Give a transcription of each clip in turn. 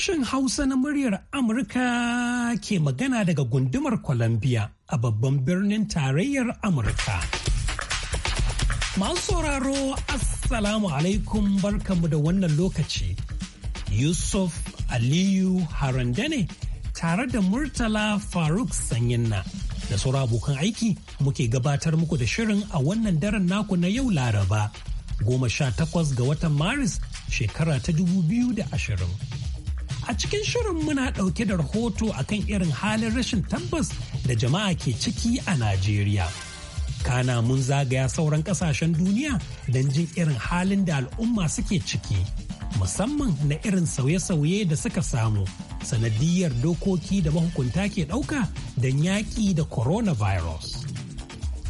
Sashen Hausa na muryar Amurka ke magana daga gundumar Columbia a babban birnin tarayyar Amurka. Masu sauraro Assalamu alaikum barkamu da wannan lokaci. Yusuf Aliyu Harandane tare da Murtala Faruk Sanyinna da sauran abokan aiki muke gabatar muku da shirin a wannan daren naku na yau Laraba. Goma sha takwas ga watan Maris shekara ta dubu biyu da ashirin. A cikin shirin muna ɗauke da rahoto akan irin halin rashin tabbas da jama'a ke ciki a Najeriya. Kana mun zagaya sauran ƙasashen duniya don jin irin halin da al'umma suke ciki, musamman na irin sauye-sauye da suka samu, sanadiyar dokoki da mahukunta ke ɗauka don yaƙi da coronavirus.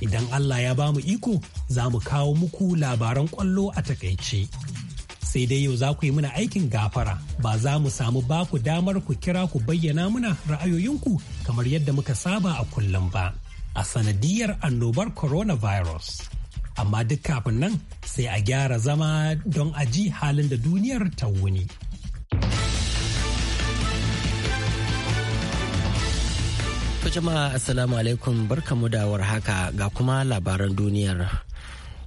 Idan Allah ya ba mu iko, za mu kawo muku labaran ƙwallo a takaice. sai dai yau za ku yi muna aikin gafara ba za mu samu ba ku damar ku kira ku bayyana muna ra'ayoyinku kamar yadda muka saba a kullum ba a sanadiyar annobar coronavirus. Amma duk kafin nan sai a gyara zama don a ji halin da duniyar ta wuni. jama'a assalamu alaikum barkamu da haka ga kuma labaran duniyar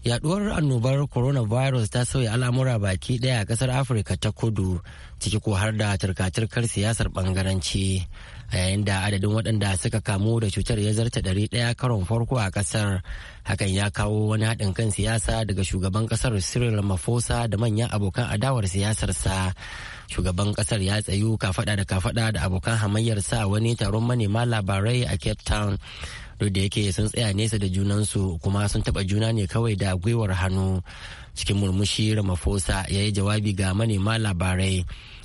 yaduwar annobar coronavirus ta sauya al'amura baki daya a kasar afirka ta kudu ciki ko har da turka-turkar siyasar bangaranci a yayin da adadin waɗanda suka kamu da cutar ya zarta ɗari ɗaya karon farko a ƙasar hakan ya kawo wani haɗin kan siyasa daga shugaban ƙasar cyril mafosa da manyan abokan adawar siyasarsa shugaban ƙasar ya tsayu kafaɗa da kafaɗa da abokan hamayyar sa wani taron manema labarai a cape town duk da yake sun tsaya nesa da junansu kuma sun taɓa juna ne kawai da gwiwar hannu cikin murmushi ramaphosa ya yi jawabi ga manema labarai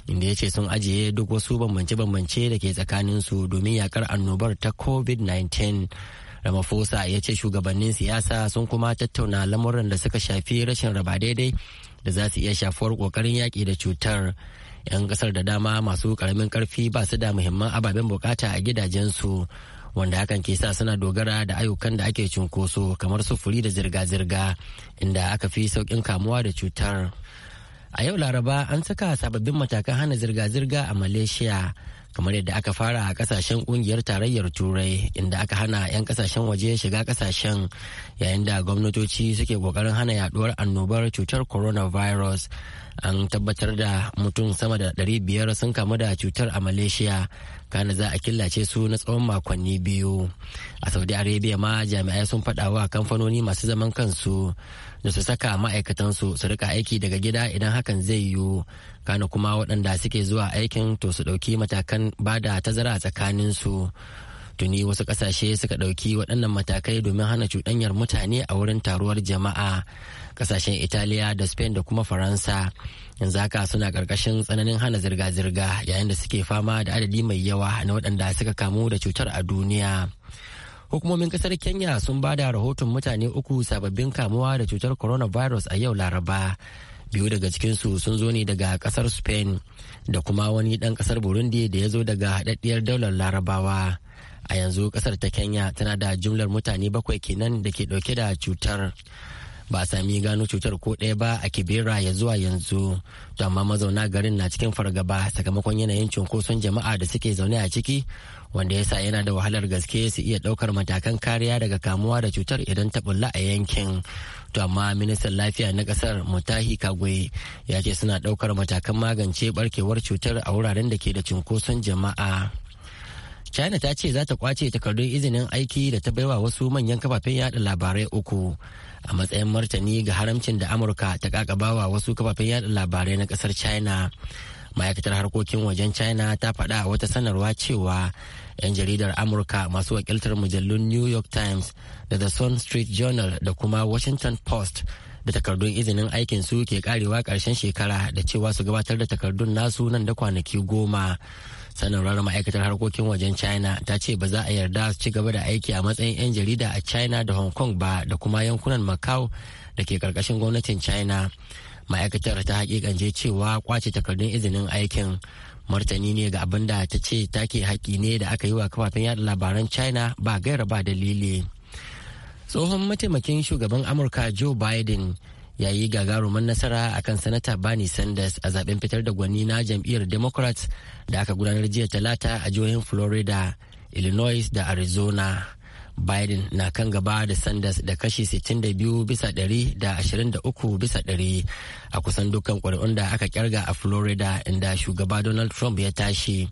inda ya ce sun ajiye duk wasu bambance-bambance da ke tsakanin su domin yakar annobar ta covid-19 ramaphosa ya ce shugabannin siyasa sun kuma tattauna lamuran da suka shafi rashin raba daidai da za su iya shafuwar kokarin yaƙi da cutar 'yan ƙasar da dama masu karamin karfi ba su da muhimman ababen bukata a gidajensu wanda hakan ke sa suna dogara da ayyukan da ake cunkoso kamar sufuri da zirga-zirga inda aka fi sauƙin kamuwa da cutar a yau laraba an saka sababbin matakan hana zirga-zirga a malaysia kamar yadda aka fara a kasashen kungiyar tarayyar turai inda aka hana 'yan kasashen waje shiga kasashen yayin da gwamnatoci suke kokarin hana yaduwar annobar cutar coronavirus an tabbatar da mutum sama da 500 sun kamu da cutar a malaysia kana za a killace su na tsawon makonni biyu a saudi arabia ma jami'ai sun faɗa wa kamfanoni masu zaman kansu da su saka ma'aikatansu su rika aiki daga gida idan hakan zai yiwu kana kuma waɗanda suke zuwa aikin to su ɗauki matakan ba da tazara tsakanin su tuni wasu ƙasashe suka ɗauki waɗannan matakai domin hana cuɗanyar mutane a wurin taruwar jama'a ƙasashen italiya da spain da kuma faransa yanzu haka suna ƙarƙashin tsananin hana zirga-zirga yayin da suke fama da adadi mai yawa na waɗanda suka kamu da cutar a duniya hukumomin ƙasar kenya sun ba da rahoton mutane uku sababbin kamuwa da cutar coronavirus a yau laraba biyu daga cikinsu sun zo ne daga kasar spain da kuma wani dan kasar burundi da ya zo daga haɗaɗɗiyar daular larabawa a yanzu kasar ta kenya tana da jumlar mutane bakwai kenan da ke ɗauke da cutar ba a sami gano cutar ko ɗaya ba a kibera ya zuwa yanzu to amma mazauna garin na cikin fargaba sakamakon yanayin cunkoson jama'a da suke zaune a ciki wanda ya sa yana da wahalar gaske su iya ɗaukar matakan kariya daga kamuwa da cutar idan ta bulla a yankin to amma ministan lafiya na ƙasar mutahi kagwe ya ce suna ɗaukar matakan magance barkewar cutar a wuraren da ke da cunkoson jama'a china ta ce za ta kwace takardun izinin aiki da ta baiwa wasu manyan kafafen yada labarai uku a matsayin martani ga haramcin da amurka ta kakabawa wasu kafafen yada labarai na kasar china ma'aikatar harkokin wajen china ta faɗa wata sanarwa cewa 'yan jaridar amurka masu wakiltar mujallun new york times da the sun street journal da kuma washington post da takardun izinin aikin su ke karewa karshen shekara da cewa su gabatar da takardun nasu nan da kwanaki goma sanarwar ma'aikatar harkokin wajen china ta ce ba za a yarda su ci gaba da aiki a matsayin 'yan jarida a china da hong kong ba da kuma yankunan macau da ke karkashin gwamnatin china ma'aikatar ta hakikance cewa kwace takardun izinin aikin martani ne ga abin da ta ce take haƙi ne da aka yi wa kafafen yada labaran china ba gaira ba dalili tsohon mataimakin shugaban amurka joe biden ya yi gagarumin nasara kan sanata Bernie Sanders a zaben fitar da gwani na jam'iyyar Democrats da aka gudanar jiya talata a jihohin Florida, Illinois da Arizona. Biden na kan gaba da Sanders da kashi 62 bisa 100 da 23 bisa 100 a kusan dukkan ƙuri'un da aka kyarga a Florida inda shugaba Donald Trump ya tashi.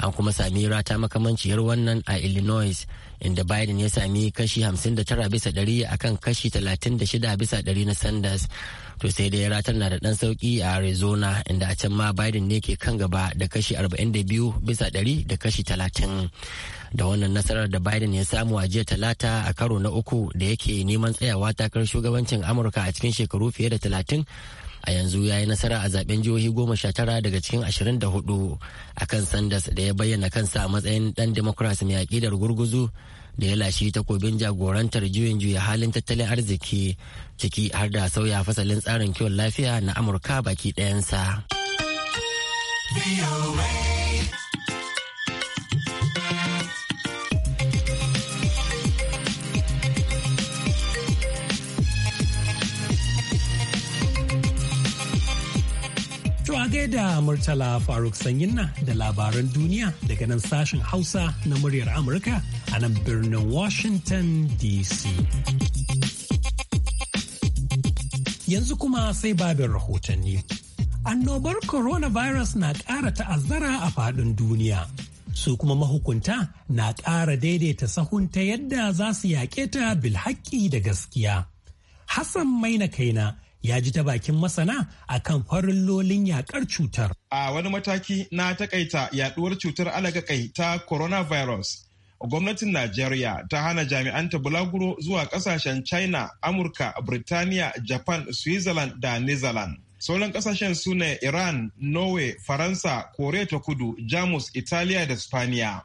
An kuma sami rata makamanciyar wannan a Illinois inda Biden ya sami kashi 59 bisa 100 akan kashi 36 bisa 100 na Sanders. to sai dai ratar na da dan sauki a arizona inda a can ma biden ne ke kan gaba da kashi 42 bisa 100 da kashi 30 da wannan nasarar da biden ya samu a jiya talata a karo na uku da yake neman tsayawa takar shugabancin amurka a cikin shekaru fiye da 30 a yanzu ya yi nasara a zaben jihohi goma sha tara daga cikin ashirin da hudu a kan sanders da ya bayyana kansa a matsayin dan Demokrasi mai aƙidar gurguzu da ya lashe takobin jagorantar juyin juya halin tattalin arziki ciki har da sauya fasalin tsarin kiwon lafiya na amurka baki ɗayansa. Na gaida Murtala Faruk Sanyinna da labaran duniya daga nan sashen Hausa na muryar Amurka a nan birnin Washington DC. Yanzu kuma sai babin rahotanni. Annobar coronavirus na ƙara ta'azzara a faɗin duniya. Su kuma mahukunta na ƙara daidaita sahunta yadda za su yaƙe ta bilhaƙi da gaskiya. Hassan Maina Kaina ya ji ta bakin masana akan farillolin yakar cutar. A wani mataki na takaita yaduwar cutar alagakai ta coronavirus, gwamnatin Najeriya ta hana jami'anta bulaguro zuwa kasashen China, Amurka, Birtaniya, Japan, Switzerland da Netherlands. Sauran kasashen su ne Iran, Norway, Faransa, Korea ta kudu, Jamus, Italiya da Spaniya.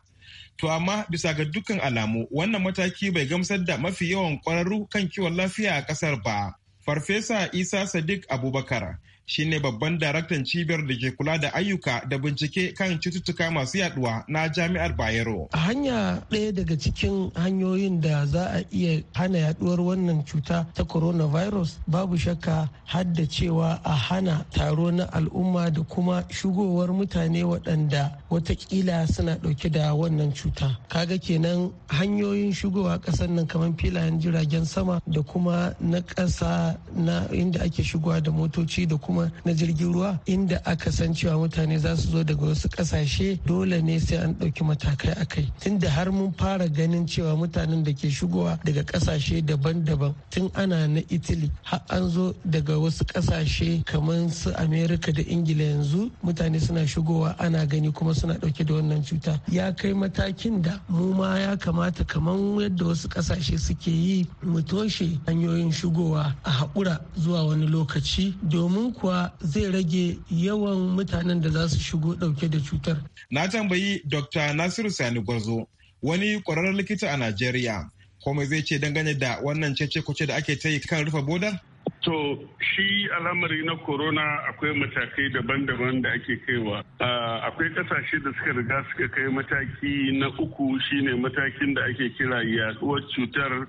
To amma bisa ga dukkan alamu wannan mataki bai gamsar da mafi yawan kwararru kan kiwon lafiya a kasar ba. Farfesa Isa Sadiq Abubakar shine babban daraktan cibiyar da ke kula da ayyuka da bincike kan cututtuka masu yaduwa na jami'ar bayero a hanya ɗaya daga cikin hanyoyin da za a iya hana yaduwar wannan cuta ta coronavirus babu shakka hadda cewa a hana taro na al'umma da kuma shigowar mutane waɗanda watakila suna ɗauke da wannan cuta kaga kenan hanyoyin shigowa ƙasar nan kamar filayen jiragen sama da kuma na ƙasa na inda ake shigowa da motoci da kuma kuma na jirgin ruwa inda aka san cewa mutane za su zo daga wasu kasashe dole ne sai an ɗauki matakai a kai tunda har mun fara ganin cewa mutanen da ke shigowa daga kasashe daban-daban tun ana na italy har an zo daga wasu kasashe kamar su america da ingila yanzu mutane suna shigowa ana gani kuma suna ɗauke da wannan cuta ya kai matakin da mu ma ya kamata kamar yadda wasu kasashe suke yi mu toshe hanyoyin shigowa a haƙura zuwa wani lokaci domin kuwa kuwa zai rage yawan mutanen da za su shigo ɗauke da cutar. Na tambayi Dr. Nasiru Sani Gwazo wani ƙwararren likita a Najeriya, komai zai ce dangane da wannan cece kuce da ake ta yi kan rufe boda? To shi al'amari na corona akwai matakai daban-daban da ake kaiwa. Akwai kasashe da suka riga suka kai mataki na uku shine matakin da ake kira yaduwar cutar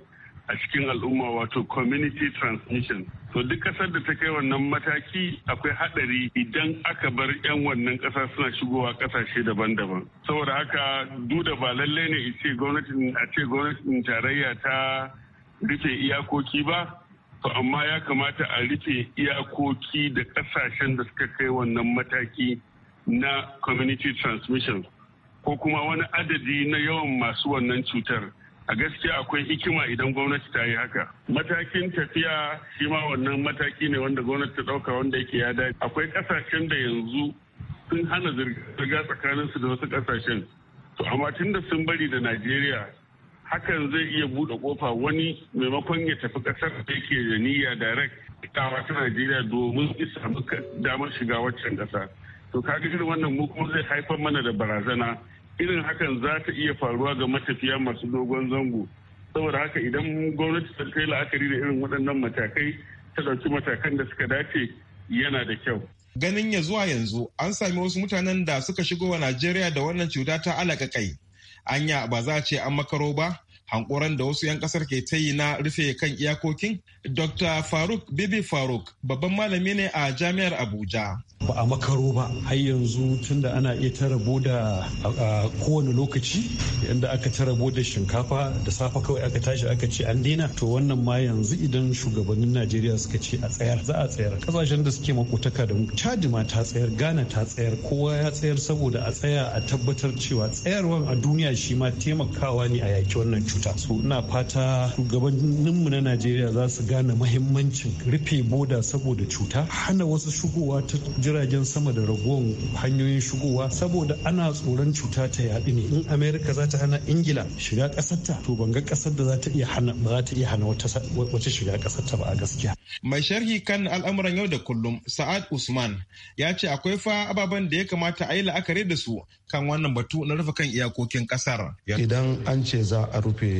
a cikin al'umma wato community transmission to duk kasar da ta kai wannan mataki akwai hadari idan aka bar 'yan wannan kasa suna shigowa kasashe daban-daban saboda haka duda ba lallai ne ice gwamnatin a ce gwamnatin tarayya ta rufe iyakoki ba to amma ya kamata a rufe iyakoki da kasashen da suka kai wannan mataki na community transmission ko kuma wani adadi na yawan masu wannan cutar a gaskiya akwai hikima idan gwamnati ta yi haka matakin tafiya shi ma wannan mataki ne wanda gwamnati ta dauka wanda yake ya dace akwai kasashen da yanzu sun hana zirga tsakanin su da wasu kasashen to amma tun da sun bari da najeriya hakan zai iya bude kofa wani maimakon ya tafi kasar da yake da niyya direct ta ta najeriya domin isa damar shiga waccan kasa to kaga irin wannan mu kuma zai haifar mana da barazana irin hakan za ta iya faruwa ga matafiya masu dogon zango saboda haka idan gwamnati ta kai la'akari da irin waɗannan matakai ta ɗauki matakan da suka dace yana da kyau ganin ya zuwa yanzu an sami wasu mutanen da suka shigo wa najeriya da wannan cuta ta alaƙaƙai anya ba za a ce an makaro ba hankoran da wasu 'yan kasar ke ta yi na rufe kan iyakokin dr faruk bibi faruk babban malami ne a jami'ar abuja ba a makaro ba har yanzu tunda ana iya ta rabo da kowane lokaci yadda aka ta rabo da shinkafa da safa kawai aka tashi aka ce an daina to wannan ma yanzu idan shugabannin najeriya suka ce a tsayar za a tsayar kasashen da suke makotaka da mu chadi ma ta tsayar ghana ta tsayar kowa ya tsayar saboda a tsaya a tabbatar cewa tsayarwar a duniya shi ma taimakawa ne a yaki wannan cuta cuta so ina fata shugabanninmu na najeriya za su gane mahimmancin rufe boda saboda cuta hana wasu shigowa ta jiragen sama da ragowar hanyoyin shigowa saboda ana tsoron cuta ta yaɗu ne in amerika za ta hana ingila shiga kasarta to ban ga ƙasar da za ta iya hana ba za ta iya hana wata shiga kasarta ba a gaskiya mai sharhi kan al'amuran yau da kullum sa'ad usman ya ce akwai fa ababen da ya kamata a yi la'akari da su kan wannan batu na rufe kan iyakokin ƙasar idan an ce za a rufe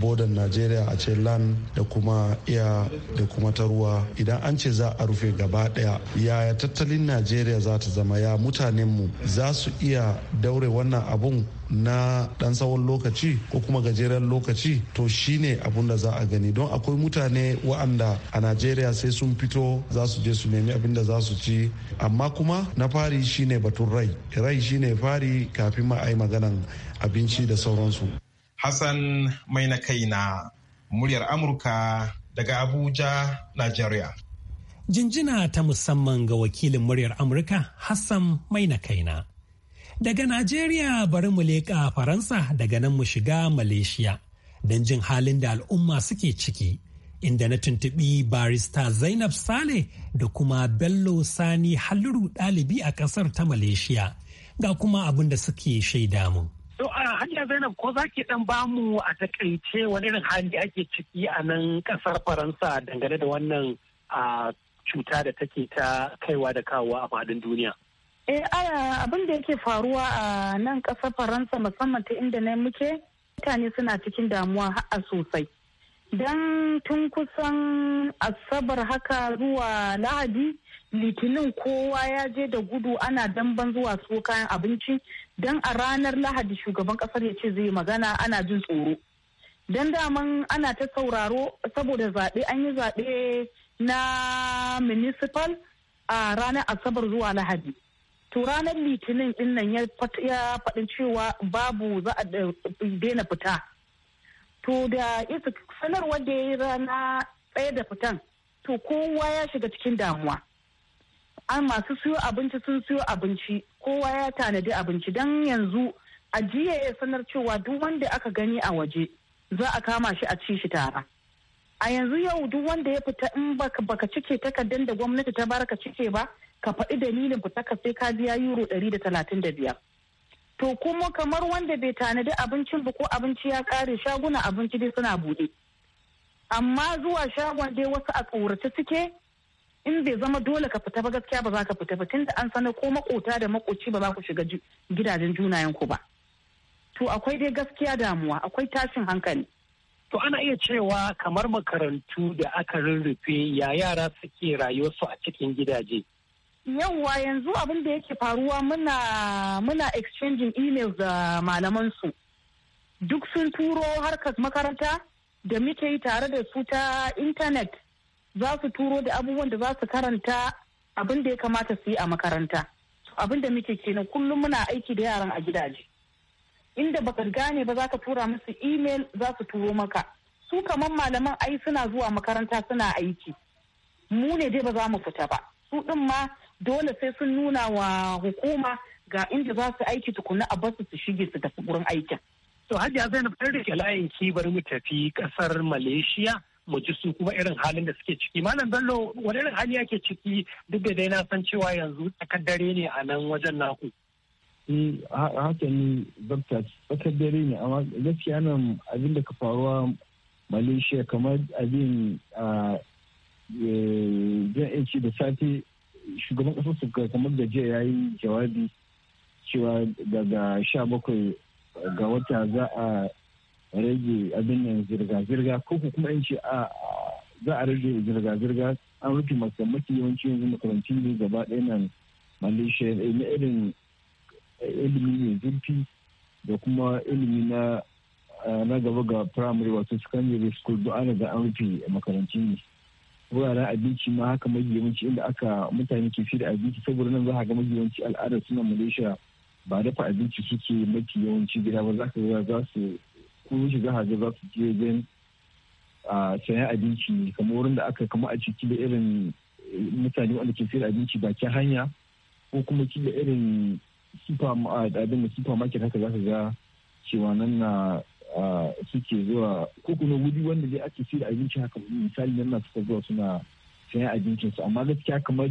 bodan najeriya a ce land da kuma iya da kuma ta ruwa idan an ce za a rufe gaba daya yaya tattalin najeriya za ta zama ya mutanenmu za su iya daure wannan abun na dan tsawon lokaci ko kuma gajeren lokaci to shine abun da za a gani don akwai mutane wa'anda a najeriya sai sun fito za su je su nemi abin da za su ci amma kuma na fari shine batun rai rai shine fari kafin ma a yi maganan abinci da sauransu Hassan mai na kaina muryar Amurka daga Abuja, Najeriya. Jinjina ta musamman ga wakilin muryar Amurka Hassan mai na kaina. Daga Najeriya bari mu leƙa Faransa daga nan mu shiga Malaysia don jin halin da al'umma suke ciki. Inda na tuntuɓi barista Zainab Saleh da kuma Bello Sani Halluru ɗalibi a ƙasar ta Malaysia ga kuma abin da suke shaida mun. so a hanyar Zainab ko za ki dan bamu a takaice wani irin hali ake ciki a nan kasar Faransa dangane da wannan cuta da take ta kaiwa da kawo a fadin duniya. Eh aya abin da yake faruwa a nan kasar Faransa musamman ta inda na muke mutane suna cikin damuwa har sosai. don tun kusan asabar haka zuwa lahadi litinin kowa ya je da gudu ana damban zuwa su kayan abinci don a ranar lahadi shugaban kasar ya ce zai magana ana jin tsoro don daman ana ta sauraro saboda zaɓe an yi zaɓe na municipal a ranar asabar zuwa lahadi to ranar litinin din nan ya faɗin cewa babu za a eh, daina fita to da isa sanarwar da ya yi rana ɗaya da fitan to kowa ya shiga cikin damuwa an masu siyo abinci sun siyo abinci kowa ya tanadi abinci don yanzu a jiya ya sanar cewa duk wanda aka gani a waje za a kama shi a ci shi tara a yanzu yau duk wanda ya fita in baka cike takardar da gwamnati ta baraka cike ba ka faɗi dalilin fita ka sai ka biya euro ɗari da talatin da biyar to kuma kamar wanda bai tanadi abincin ba ko abinci ya ƙare shaguna abinci dai suna buɗe amma zuwa shagon dai wasu a tsorace suke in bai zama dole ka fita ba gaskiya ba za ka fita ba tunda an sanar ko makota da makoci ba za ku shiga gidajen junayen ku ba to akwai dai gaskiya damuwa akwai tashin hankali to ana iya cewa kamar makarantu da aka rurrufe ya yara suke rayuwarsu a cikin gidaje yawwa yanzu abin da yake faruwa muna muna exchanging emails da malaman su duk sun turo harkar makaranta da muke yi tare da su ta intanet za su turo da abubuwan da za su karanta abin da ya kamata su yi a makaranta abin da muke kenan kullum muna aiki da yaran a gidaje inda baka gane ba za ka tura musu email za su turo maka su kamar malaman ai suna zuwa makaranta suna aiki mu ne dai ba za mu fita ba su din ma dole sai sun nuna wa hukuma ga inda za su aiki tukuna a basu su shige su tafi wurin aikin To har ya zai ta rike layin ki bari mu tafi kasar Malaysia mu ji su kuma irin halin da suke ciki. Malam Bello wani irin hali yake ciki duk da dai na san cewa yanzu tsakar dare ne a nan wajen naku. haka ne dokta tsakar dare ne amma gaskiya nan abin da ka faruwa Malaysia kamar abin jan e, ci da safe shugaban kasar su kamar gajiya ya yi jawabi cewa daga sha bakwai ga wata za a rage abin nan zirga-zirga ko kuma in ce a za a rage zirga-zirga an rufe mafi yawanci yanzu makarantu ne gaba ɗaya nan malaysia eh, na irin eh, ilimi mai zurfi da kuma ilimi na na gaba ga primary wato secondary school duk ana ga an rufe makarantu ne wuraren abinci ma haka mafi yawanci inda aka mutane ke fi da abinci saboda nan za a ga mafi yawanci al'adar suna malaysia ba dafa abinci suke mafi yawanci gida ba za ka ga za su kun shiga haja za su je a sayan abinci kamar wurin da aka kama a ciki da irin mutane wanda ke sayar abinci bakin hanya ko kuma kila irin supermarket haka za ka ga cewa nan na suke zuwa ko kuma wuri wanda dai ake sayar abinci haka misali nan na suka zuwa suna sayan abincinsu amma gaskiya kamar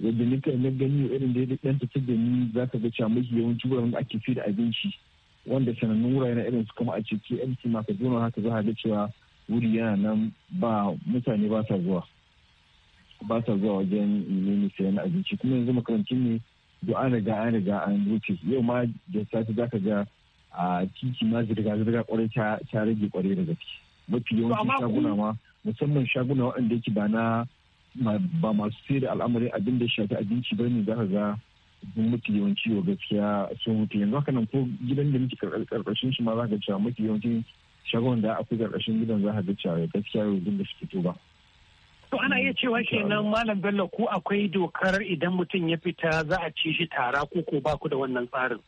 yadda kanan na gani irin da ya dan tafi da ni za ka ga cewa yawanci wuraren da ake fi da abinci wanda sanannun wurare na irin su kama a ciki KMC ma ka zona haka za ga cewa wuri yana nan ba mutane ba sa zuwa ba sa zuwa wajen nemi sayan abinci kuma yanzu makarantun ne duk an riga an riga an rufe yau ma da sati za ka ga a titi ma zirga zirga kwarai ta rage kwarai da gaske mafi yawancin shaguna ma musamman shaguna waɗanda yake ba na ba masu sai da al'amarin abin da shafi abinci ba ne za ka ga sun mutu yawanci wa gaskiya sun mutu yanzu haka nan ko gidan da muke karkashin shi ma za ka cewa mutu yawanci shagon da akwai karkashin gidan za ka ga cewa gaskiya yau da fito ba. To ana iya cewa kenan Malam Bello ko akwai dokar idan mutum ya fita za a ci shi tara ko ko ba ku da wannan tsarin.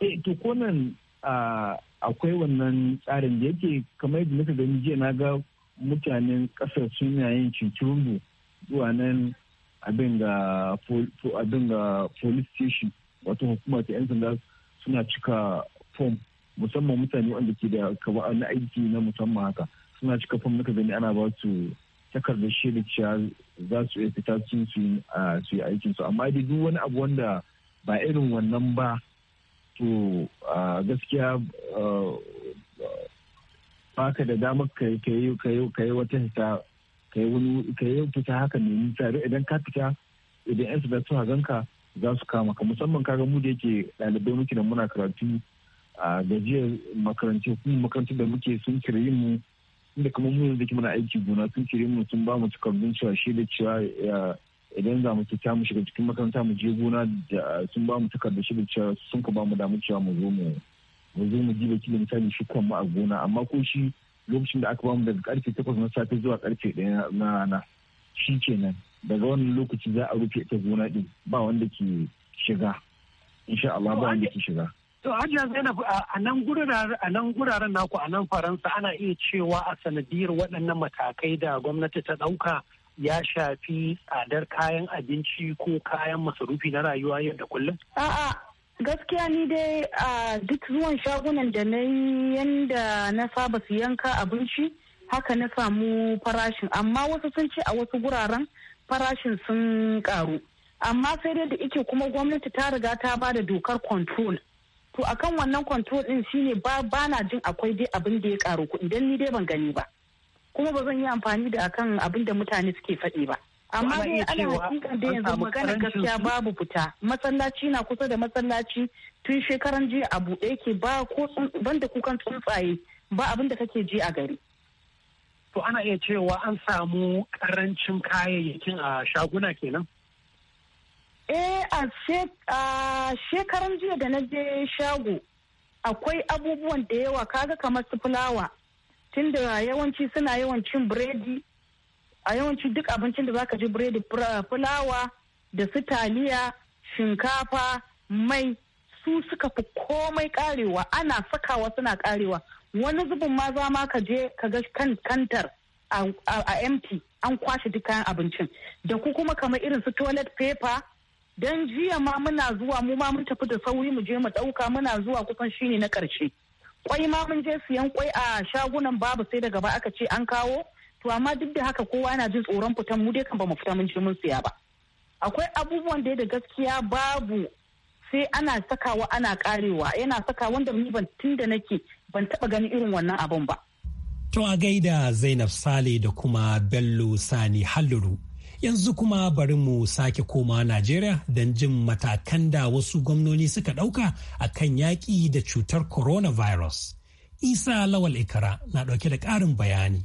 Eh to ko nan ah, akwai wannan tsarin da yake kamar yadda muka gani jiya na ga mutanen ƙasa suna yin cincirundu zuwa nan abin ga police station wato hukumar ta 'yan sanda suna cika fom musamman mutane wanda ke da kaba na aiki na musamman haka suna cika fom na gani ana ba su takardar shirin cewa za su iya fita su yi aikin su amma dai duk wani abu wanda ba irin wannan ba to gaskiya baka da damar ka yi wata hita ka yi wani ka yi fita haka ne tare idan ka fita idan yan sanda suka ganka za su kama ka musamman kaga mu da yake ɗalibai muke da muna karatu a gajiyar makarantar kuma makarantar da muke sun kira yin mu inda kuma mu yanzu muna aiki gona sun yin mu sun ba mu takardun cewa shi da cewa idan za mu fita mu shiga cikin makaranta mu je gona sun ba mu takardun shi da cewa sun ka ba mu damu cewa mu zo mu mu zo mu jiba kila misali shukan mu a gona amma ko shi lokacin da aka bamu daga karfe takwas na safe zuwa karfe ɗaya na rana shi kenan daga wannan lokaci za a rufe ita gona din ba wanda ke shiga insha Allah ba wanda ke shiga to hajiya Zainab a nan guraren a nan guraren naku a nan Faransa ana iya cewa a sanadiyar waɗannan matakai da gwamnati ta ɗauka ya shafi tsadar kayan abinci ko kayan masarufi na rayuwa yadda kullum? A'a gaskiya ni dai a duk zuwan shagunan da na yi yanda na saba su yanka abinci haka na samu farashin amma wasu sun ce a wasu guraren farashin sun karu amma sai dai da ike kuma gwamnati ta riga ta ba da dokar control to akan wannan control din shine ba na jin akwai dai abin da ya karu kuɗi dan ni dai ban gani ba kuma ba zan yi amfani da akan abin da mutane suke faɗi ba amma dai ana hakikan da yanzu magana gaskiya babu fita masallaci na kusa da masallaci tun shekaran jiya a buɗe yake ba ko banda kukan tsuntsaye ba abin da kake ji a gari to ana iya cewa an samu karancin kayayyakin a shaguna kenan eh a shekaran jiya da na je shago akwai abubuwan da yawa kaga kamar su fulawa tunda yawanci suna yawan cin biredi a yawanci duk abincin da zaka ji biredi fulawa da su taliya shinkafa mai su suka fi komai karewa ana sakawa suna karewa wani zubin ma za ma ka je ka ga kan kantar a empty an kwashe duk kayan abincin da ku kuma kamar irin su toilet paper don jiya ma muna zuwa mu ma mun tafi da sauri mu je mu dauka muna zuwa kusan shine na karshe kwai ma mun je siyan kwai a shagunan babu sai da gaba aka ce an kawo to amma duk da haka kowa yana jin tsoron fitan mu dai kan bamu fita mun je mun siya ba akwai abubuwan da ya da gaskiya babu sai ana sakawa ana karewa yana saka wanda ni ban tun da nake ban taba ganin irin wannan abun ba to a gaida Zainab Sale da kuma Bello Sani Halluru yanzu kuma bari mu sake koma Najeriya don jin matakan da wasu gwamnoni suka ɗauka a kan yaƙi da cutar coronavirus. Isa Lawal Ikara na ɗauke da ƙarin bayani.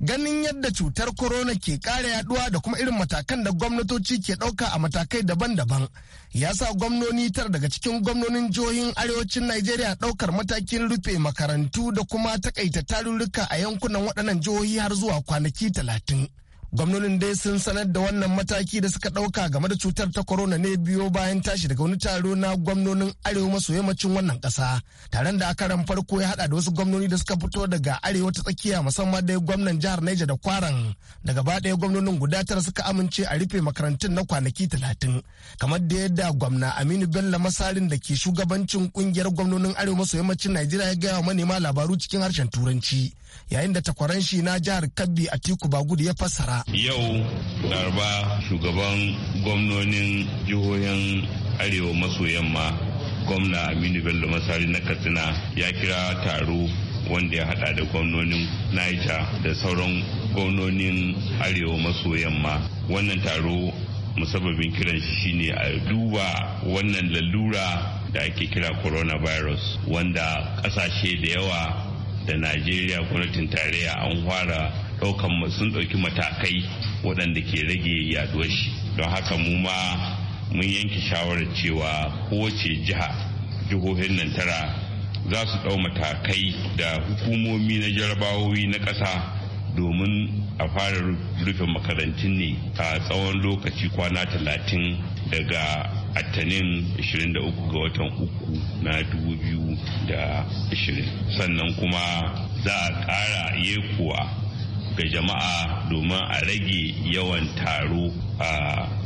ganin yadda cutar corona ke ƙara yaduwa da kuma irin matakan da gwamnatoci ke ɗauka a matakai daban-daban ya sa gwamnoni tara daga cikin gwamnonin jihohin arewacin najeriya ɗaukar matakin rufe makarantu da kuma takaita tarurruka a yankunan waɗannan jihohi har zuwa kwanaki talatin gwamnonin dai sun sanar da wannan mataki da suka ɗauka game da cutar ta corona ne biyo bayan tashi daga wani taro na gwamnonin arewa maso yammacin wannan kasa taron da akaran karan farko ya hada da wasu gwamnoni da suka fito daga arewa ta tsakiya musamman dai gwamnan jihar Naija da kwaran daga ba daya gwamnonin guda tara suka amince a rufe makarantun na kwanaki talatin kamar da yadda gwamna Aminu Bello Masarin da ke shugabancin kungiyar gwamnonin arewa maso yammacin Najeriya ya gaya wa manema labaru cikin harshen Turanci. yayin da takwaran shi na jihar kabbi a tiku bagudu ya fassara yau laraba shugaban gwamnonin jihohin arewa maso yamma gwamna aminu bello masari na katsina ya kira taro wanda ya hada da gwamnonin naija da sauran gwamnonin arewa maso yamma wannan taro musababin kiran shi shine a duba wannan lalura da ake kira coronavirus wanda kasashe da yawa da najeriya gwamnatin tarayya an fara ɗaukan sun ɗauki matakai waɗanda ke rage yaduwar shi don haka mu ma mun yanke shawarar cewa kowace jiha jihohin nan tara za su ɗau matakai da hukumomi na jarabawoyi na ƙasa domin a fara rufe makarantun ne a tsawon lokaci kwana talatin daga attanin 23 ga watan uku na 2020 sannan kuma za a ƙara yekuwa ga jama'a domin a rage yawan taro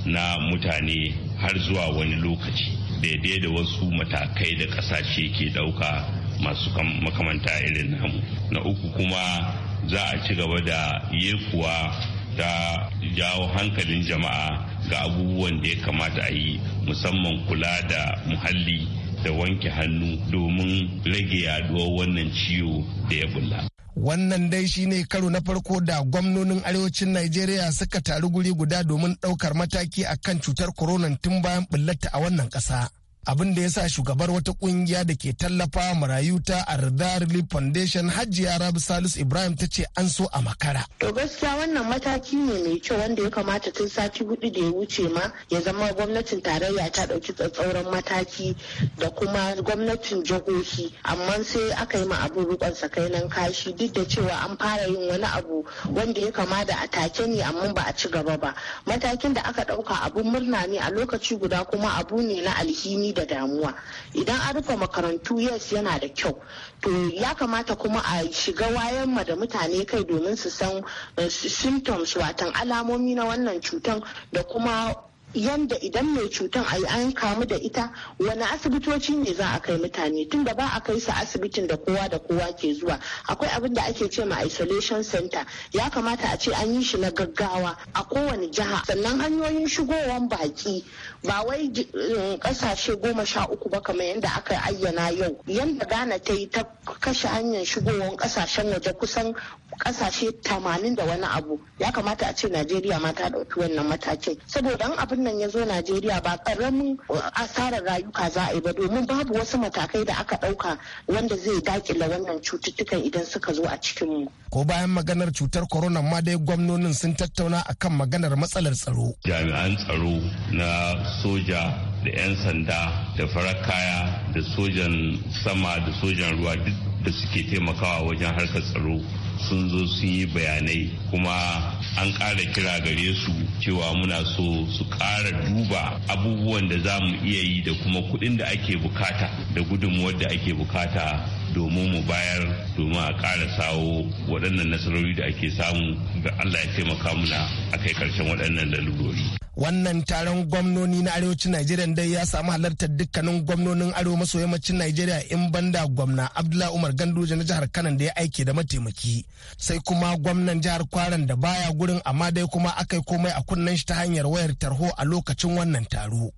na mutane har zuwa wani lokaci daidai da wasu matakai da ƙasashe ke ɗauka masu makamanta irin namu na uku kuma za a ci gaba da yekuwa ta jawo hankalin jama'a ga abubuwan da ya kamata a yi musamman kula da muhalli da wanke hannu domin rage yaduwar wannan ciwo da ya bulla. Wannan dai shi ne karo na farko da gwamnonin arewacin Najeriya suka taru guri guda domin ɗaukar mataki a kan cutar koronan tun bayan bullata a wannan ƙasa. abin da ya sa shugabar wata kungiya da ke tallafa marayu ta arda relief foundation Hajjiya rabi salisu ibrahim ta ce an so a makara to gaskiya wannan mataki ne mai kyau wanda ya kamata tun sati hudu da ya wuce ma ya zama gwamnatin tarayya ta dauki tsatsauran mataki da kuma gwamnatin jihohi amma sai aka yi ma abu rukon sakainan kashi duk da cewa an fara yin wani abu wanda ya kama da take ne amma ba a ci gaba ba matakin da aka dauka abun murna ne a lokaci guda kuma abu ne na alhini da damuwa idan an rufe makarantu yes yana da kyau to ya kamata kuma a shiga wayanma da mutane kai domin su san eh, symptoms watan alamomi na wannan cutan da kuma yanda idan mai cutar an kamu da ita wani asibitoci ne za a kai mutane tun da ba a kai su asibitin da kowa da kowa ke zuwa akwai abin da ake ce ma isolation center ya kamata a ce an yi shi na gaggawa a kowane jiha sannan hanyoyin shigowan baki ba wai kasashe eh, goma sha uku ba kamar yadda aka ayyana yau yanda ghana ta yi ta kashe hanyar shigowan kasashen waje kusan kasashe tamanin da wani abu ya kamata a ce najeriya ma ta ɗauki wannan matakin saboda an abin nan ya zo najeriya ba ƙaramin uh, asarar rayuka za a yi ba domin babu wasu matakai da aka ɗauka wanda zai dakile wannan cututtukan idan suka zo a cikin mu ko bayan maganar cutar corona ma dai gwamnonin sun tattauna akan maganar matsalar tsaro jami'an tsaro na soja da 'yan sanda da farar kaya da sojan sama da sojan ruwa duk da suke taimakawa wajen harkar tsaro sun zo sun yi bayanai kuma an ƙara kira gare su cewa muna so su ƙara duba abubuwan da za mu iya yi da kuma kuɗin da ake bukata da gudunmuwar da ake bukata domin mu bayar domin a ƙara sawo waɗannan nasarori da ake samu ga Allah ya taimaka muna a kai ƙarshen waɗannan lalurori. Wannan taron gwamnoni na arewacin Najeriya dai ya samu halartar dukkanin gwamnonin arewa maso yammacin Najeriya in banda gwamna Abdullahi Umar Ganduje na jihar Kano da ya aike da mataimaki sai kuma gwamnan jihar Kwaran da baya gurin amma dai kuma aka komai a kunnen shi ta hanyar wayar tarho a lokacin wannan taro.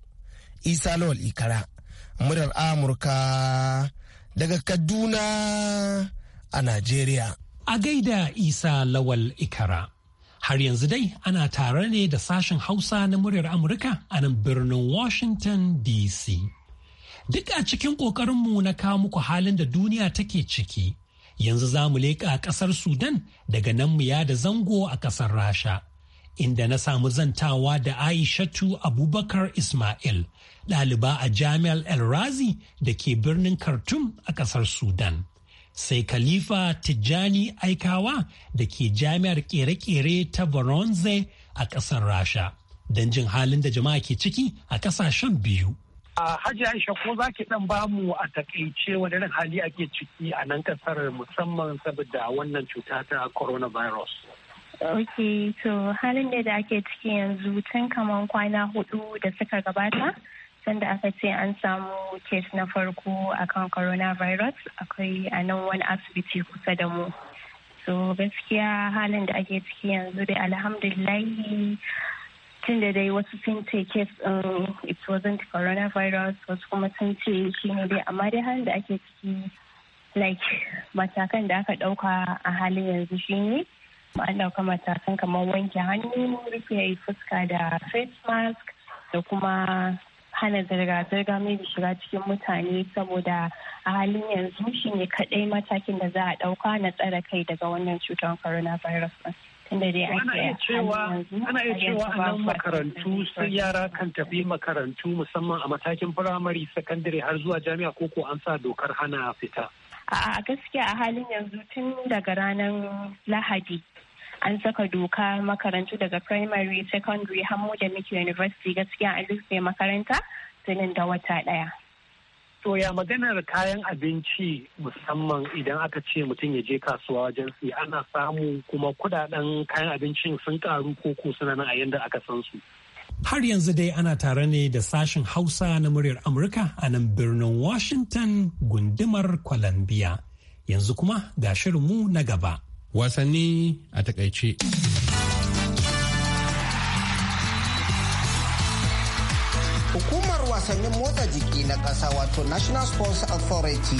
Isa Lawal Ikara, murar Amurka daga Kaduna a Najeriya. A gaida Isa Lawal Ikara. Har yanzu dai ana tare ne da sashen Hausa na muryar Amurka a nan birnin Washington DC. Duk a cikin ƙoƙarinmu na kawo muku halin da duniya take ciki, yanzu za mu leƙa ƙasar Sudan daga nan mu ya da zango a ƙasar Rasha. inda na samu zantawa da Aishatu Abubakar Ismail, ɗaliba a Jami'ar El Razi da ke birnin Khartoum a ƙasar Sudan. Sai Khalifa Tijjani Aikawa da ke Jami'ar Ƙere-ƙere ta Bronze a ƙasar Rasha, don jin halin da jama'a ke ciki a ƙasashen biyu. A Hajji Aisha ko za ki ɗan bamu a takaice wani hali ake ciki a nan ƙasar musamman saboda wannan cuta ta coronavirus. ok to halin da ake ciki yanzu tun kamar kwana hudu da suka gabata sanda aka ce an samu kes na farko akan coronavirus akwai a nan wani asibiti kusa da mu so gaskiya halin da ake ciki yanzu dai alhamdulillahi tun da dai wasu sun ce kes um, it wasn't coronavirus wasu kuma sun ce shi ne dai amma dai halin da ake ciki like matakan da aka dauka a halin yanzu shine an ɗauka matakan kamar wanke hannu rufe fuska da face mask da kuma hana zirga-zirga mai da shiga cikin mutane saboda a halin yanzu shi ne kaɗai matakin da za a ɗauka na tsare kai daga wannan cutar coronavirus tunda dai an ana iya cewa a nan makarantu sai yara kan tafi makarantu musamman a matakin firamare sakandare har zuwa jami'a ko ko an sa dokar hana fita a gaskiya a halin yanzu tun daga ranar lahadi an saka doka makarantu daga primary secondary hamu da muke university gaskiya a rufe makaranta tunin da wata ɗaya. To ya maganar kayan abinci musamman idan aka ce mutum ya je kasuwa wajen siya ana samu kuma kudaden kayan abincin sun karu ko ko suna nan a yadda aka san su. Har yanzu dai ana tare ne da sashen Hausa na muryar Amurka a nan birnin Washington gundumar Columbia. Yanzu kuma ga shirinmu na gaba. wasanni a takaice. Hukumar wasannin motsa jiki na ƙasa wato National Sports Authority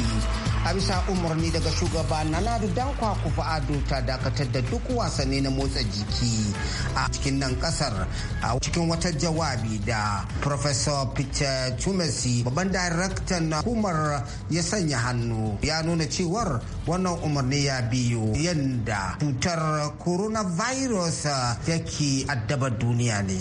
a bisa umarni daga shugaba nanadu dankwa kufa ado ta dakatar da duk wasanni na motsa jiki a cikin nan kasar a cikin wata jawabi da professor peter tumasi babban daraktan na hukumar ya sanya hannu ya nuna cewar wannan umarni ya biyo yadda cutar coronavirus uh, yake addaba duniya ne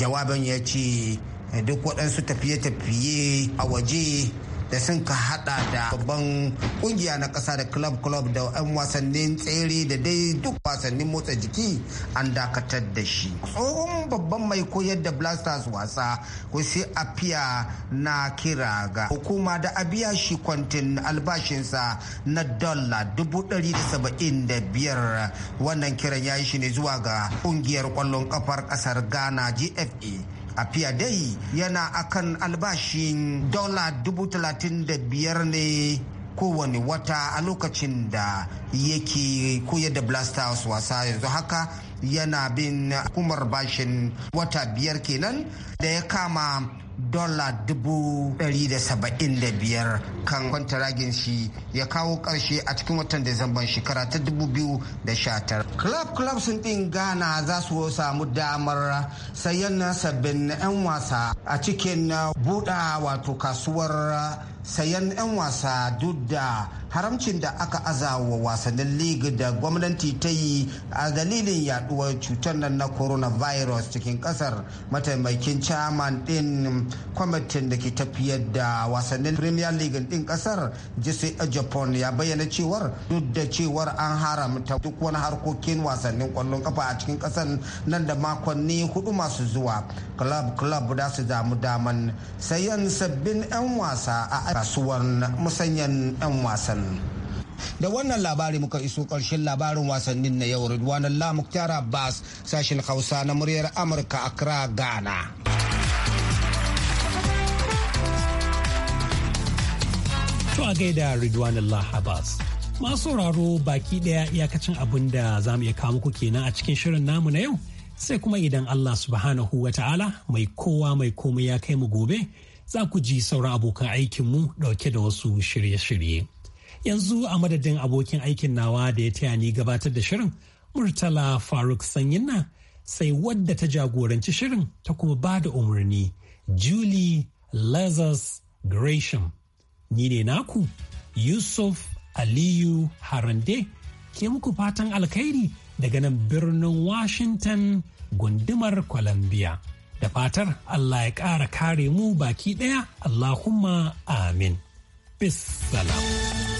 Jawaban ya ce duk waɗansu tafiye-tafiye a waje da sun ka hada da babban kungiya na kasa da club club da 'yan wasannin tsere da dai duk wasannin motsa jiki an dakatar da shi tsohon babban mai koyar da blasters wasa sai afiya na kira ga hukuma da a biya shi kwantin albashinsa na da biyar wannan kiran ya yi shi ne zuwa ga kungiyar kwallon kafar kasar ghana gfa a fiya dai yana akan albashin dola dubu talatin da biyar ne kowane wata a lokacin da yake koyar da blasters wasa yanzu haka yana bin hukumar bashin wata biyar kenan da ya kama dola dubu ɗari da saba'in da biyar kan kwantaragin shi ya kawo ƙarshe a cikin watan disamban shekara ta dubu biyu da sha tara. club club sun ɗin ghana za su samu damar sayan sabbin 'yan wasa a cikin buɗa wato kasuwar sayan 'yan wasa duk da haramcin da aka aza wa wasannin league da gwamnati ta yi a dalilin yaduwar cutar nan na coronavirus cikin kasar mataimakin chairman din kwamitin da ke tafiyar da wasannin premier league din kasar jesse japan ya bayyana cewar duk da cewar an haramta duk wani harkokin wasannin kwallon kafa a cikin kasar nan da makonni hudu masu zuwa club club da su damu daman sayan sabbin 'yan wasa a kasuwar musanyan 'yan wasan Da wannan labari muka iso ƙarshen labarin wasannin na yau Ridwanan Lamuktar Abbas sashen Hausa na muryar Amurka Accra Ghana. To a gaida ridwanan Abbas. Masu sauraro baki ɗaya iyakacin abin da za mu iya kawo muku kenan a cikin shirin namu na yau sai kuma idan Allah subhanahu wa ta'ala mai kowa mai komai ya kai mu gobe za ku ji sauran abokan aikinmu dauke da wasu shirye-shirye. yanzu a madadin abokin aikin nawa da ya taya ni gabatar da shirin murtala faruk sanyinna sai wadda ta jagoranci shirin ta kuma ba da umarni julie lazarus gresham ni ne naku yusuf aliyu harande ke muku fatan alkhairi daga nan birnin washington gundumar columbia da fatar allah ya ƙara kare mu baki ɗaya allahumma amin bis salam